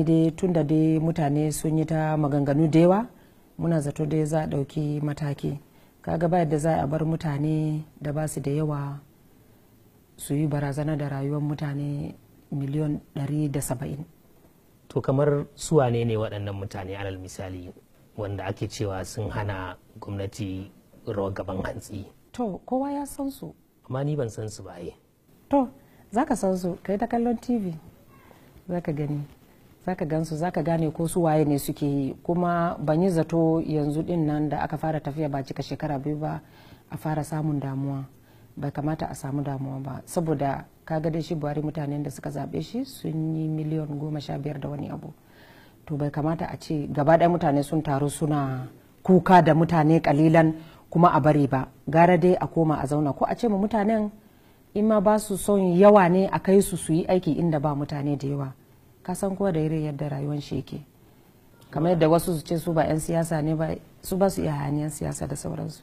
dai tun da dai mutane sun yi ta maganganu da yawa muna zato dai za a ɗauki mataki kaga ba yadda za a bar mutane da ba su da yawa su yi barazana da rayuwar mutane miliyon 170 to kamar suwa ne ne waɗannan mutane alal misali wanda ake cewa sun hana gwamnati rawar gaban hantsi to kowa ya san su amma ni ban san su ba eh. to za ka san su kai ta kallon tv za ka gani zaka gansu zaka gane ko su waye ne suke yi kuma ban yi zato yanzu din nan da aka fara tafiya ba cika shekara biyu ba a fara samun damuwa bai kamata a samu damuwa ba saboda kaga da shi buhari mutanen da suka zaɓe shi sun yi miliyan goma sha biyar da wani abu to bai kamata a ce gaba ɗaya mutane sun taru suna kuka da mutane kalilan kuma a bari ba gara dai a koma a zauna ko a ce ma mutanen in ma ba su son yawa ne a kai su su yi aiki inda ba mutane da yawa ka san kowa da irin yadda rayuwar shi yake kamar yadda wasu su ce su ba 'yan siyasa ne ba su ba su iya hanyar siyasa da sauransu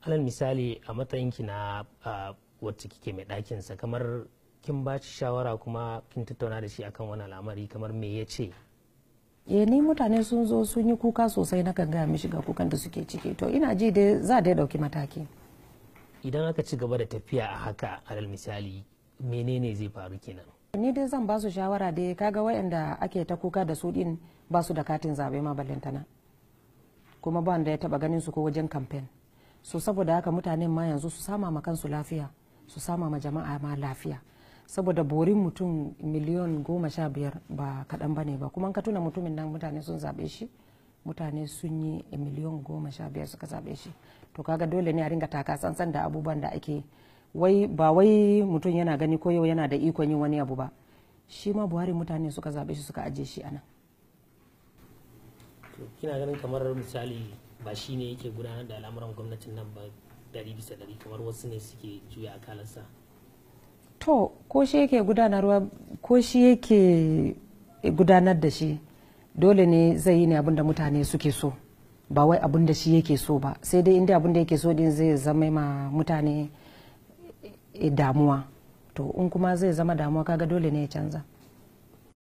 alal misali a matsayinki na wacce kike mai ɗakin sa kamar kin ba shi shawara kuma kin tattauna da shi akan wani al'amari kamar me ya ce eh ni mutane sun zo sun yi kuka sosai na kan gaya mishi ga kukan da suke ciki to ina ji dai za dai dauki mataki idan aka ci gaba da tafiya a haka alal misali menene zai faru kenan ni dai zan ba su shawara dai kaga wayanda ake ta kuka da su din ba su da katin zabe ma ballantana kuma ba da ya taba ganin su ko wajen kamfen so saboda haka mutanen ma yanzu su sama ma kansu lafiya su sama ma jama'a ma lafiya saboda borin mutum miliyan goma sha biyar ba kaɗan ba ne ba kuma ka tuna mutumin nan mutane sun zaɓe shi mutane sun yi miliyon goma sha biyar suka zaɓe shi to kaga dole ne a ringa taka sansan da abubuwan da ake wai ba wai mutum yana gani ko yau yana da ikon yin wani abu ba shi ma buhari mutane suka zaɓe shi suka ajiye shi anan kina ganin kamar misali ba shi ne yake gudanar da al'amuran gwamnatin nan ba dari bisa dari kamar wasu ne suke juya akalarsa to ko shi yake gudanarwa ko shi yake gudanar da shi dole ne zai yi ne abin da mutane suke so ba wai abin da shi yake so ba sai dai inda abin da yake so din zai zama ma mutane Eh, damuwa to in kuma zai zama damuwa kaga dole ne ya canza